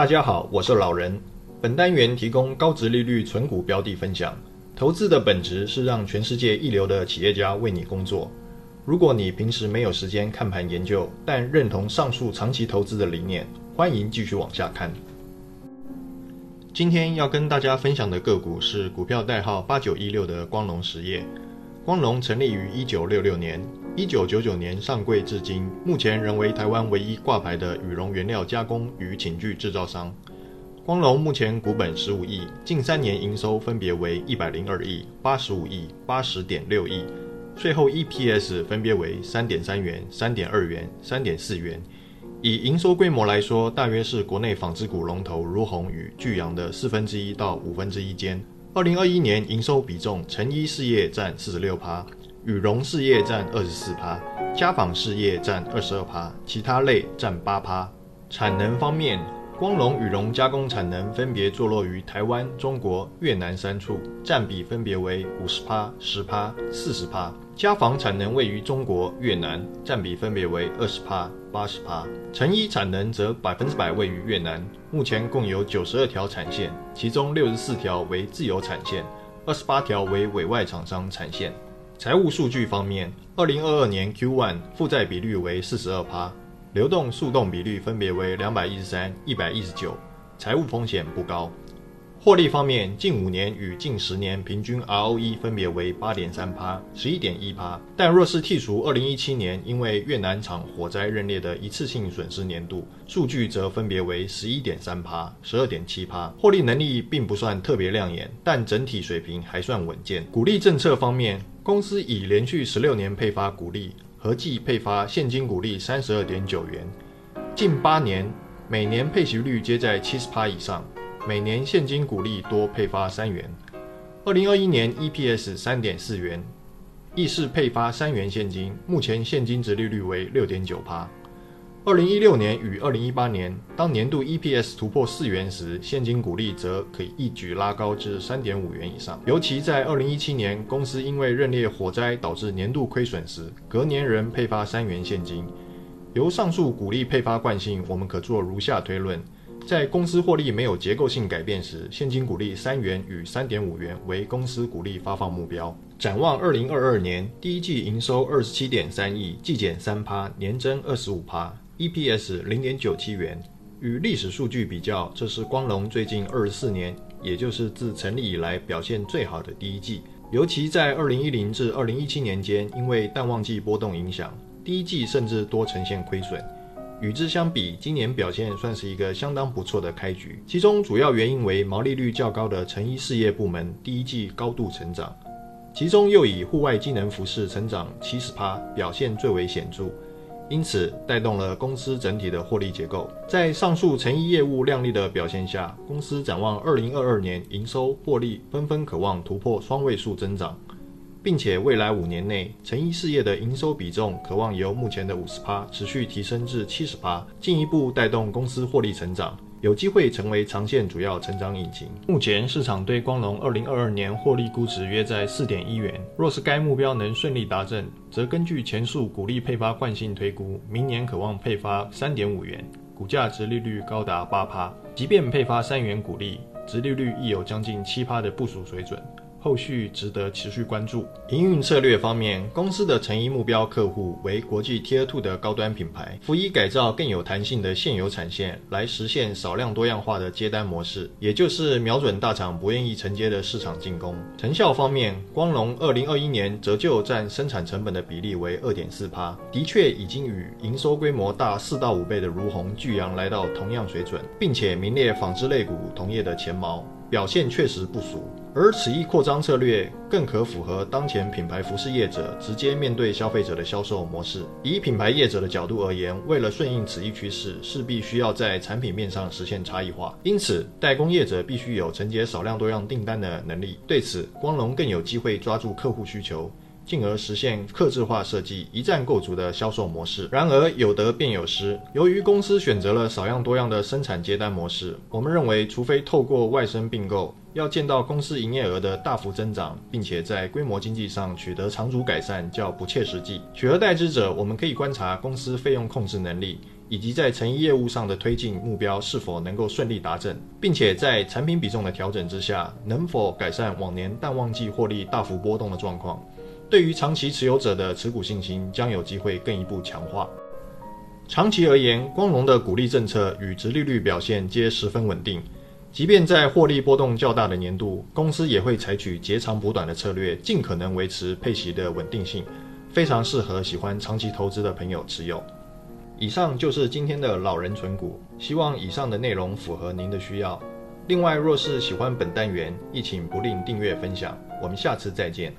大家好，我是老人。本單元提供高殖利率存股標的分享。投資的本質是讓全世界一流的企業家為你工作。如果你平時沒有時間看盤研究，但認同上述長期投資的理念，歡迎繼續往下看。今天要跟大家分享的個股是股票代號八九一六的光隆實業。光隆成立於一九六六年。一九九九年上櫃至今，目前仍為台灣唯一掛牌的羽絨原料加工與寢具製造商。光隆目前股本十五億，近三年營收分別為一百零二億、八十五億、八十點六億，稅後 EPS 分別為三點三元、三點二元、三點四元。以營收規模來說，大約是國內紡織股龍頭儒鴻與聚陽的四分之一到五分之一間。二零二一年營收比重，成衣事業佔四十六趴羽絨事業占二十四趴，家紡事業占二十二趴，其他類占八趴。產能方面，光隆羽絨加工產能分別坐落於台灣、中國、越南三處，占比分別為五十趴、十趴、四十趴；家紡產能位於中國、越南，占比分別為二十趴、八十趴。成衣產能則百分之百位於越南，目前共有九十二條產線，其中六十四條為自有產線，二十八條為委外廠商產線。財務數據方面，二零二二年 Q1 負債比率為四十二趴，流動速動比率分別為兩百一十三、一百一十九，財務風險不高。獲利方面，近五年與近十年平均 ROE 分別為八點三趴、十一點一趴，但若是剔除二零一七年因為越南廠火災認列的一次性損失年度數據，則分別為十一點三趴、十二點七趴。獲利能力並不算特別亮眼，但整體水平還算穩健。股利政策方面，公司已連續十六年配發股利，合計配發現金股利三十二點九元，近八年每年配息率皆在七十趴以上。每年現金股利多配發三元，二零二一年 EPS 三點四元，亦是配發三元現金。目前現金殖利率為六點九趴。二零一六年與二零一八年，當年度 EPS 突破四元時，現金股利則可以一舉拉高至三點五元以上。尤其在二零一七年，公司因為認列火災導致年度虧損時，隔年仍配發三元現金。由上述股利配發慣性，我們可做如下推論。在公司獲利沒有結構性改變時，現金股利三元與三點五元為公司股利發放目標。展望二零二二年第一季營收二十七點三億，季減三趴，年增二十五趴，EPS 零點九七元。與歷史數據比較，這是光隆最近二十四年，也就是自成立以來表現最好的第一季。尤其在二零一零至二零一七年間，因為淡旺季波動影響，第一季甚至多呈現虧損。與之相比，今年表現算是一個相當不錯的開局，其中主要原因為毛利率較高的成衣事業部門第一季高度成長，其中又以戶外機能服飾成長七十趴，表現最為顯著，因此帶動了公司整體的獲利結構。在上述成衣業務亮麗的表現下，公司展望二零二二年營收獲利紛紛渴望突破雙位數增長。並且未來五年內，成衣事業的營收比重可望由目前的五十趴持續提升至七十趴，進一步帶動公司獲利成長，有機會成為長線主要成長引擎。目前市場對光隆二零二二年獲利估值約在四點一元，若是該目標能順利達陣，則根據前述股利配發慣性推估，明年可望配發三點五元，股價殖利率高達八趴。即便配發三元股利，殖利率亦有將近七趴的不俗水準。後續值得持續關注。營運策略方面，公司的成衣目標客戶為國際 Tier Two 的高端品牌，輔以改造更有彈性的現有產線，來實現少量多樣化的接單模式，也就是瞄準大廠不願意承接的市場進攻。成效方面，光隆二零二一年折舊占生產成本的比例為二點四趴，的確已經與營收規模大四到五倍的儒鴻、聚陽來到同樣水準，並且名列紡織類股同業的前茅，表現確實不俗。而此一擴張策略更可符合當前品牌服飾業者直接面對消費者的銷售模式。以品牌業者的角度而言，為了順應此一趨勢，勢必需要在產品面上實現差異化。因此，代工業者必須有承接少量多樣訂單的能力。對此，光隆更有機會抓住客戶需求，進而實現客制化設計、一站購足的銷售模式。然而，有得便有失。由於公司選擇了少量多樣的生產接單模式，我們認為，除非透過外生併購。要見到公司營業額的大幅增長，並且在規模經濟上取得長足改善，較不切實際。取而代之者，我們可以觀察公司費用控制能力，以及在成衣業務上的推進目標是否能夠順利達成，並且在產品比重的調整之下，能否改善往年淡旺季獲利大幅波動的狀況。對於長期持有者的持股信心，將有機會更一步強化。長期而言，光隆的股利政策與殖利率表現皆十分穩定。即便在獲利波動較大的年度，公司也會採取截長補短的策略，盡可能維持配息的穩定性，非常適合喜歡長期投資的朋友持有。以上就是今天的老人存股，希望以上的內容符合您的需要。另外，若是喜歡本單元，亦請不吝訂閱分享。我們下次再見。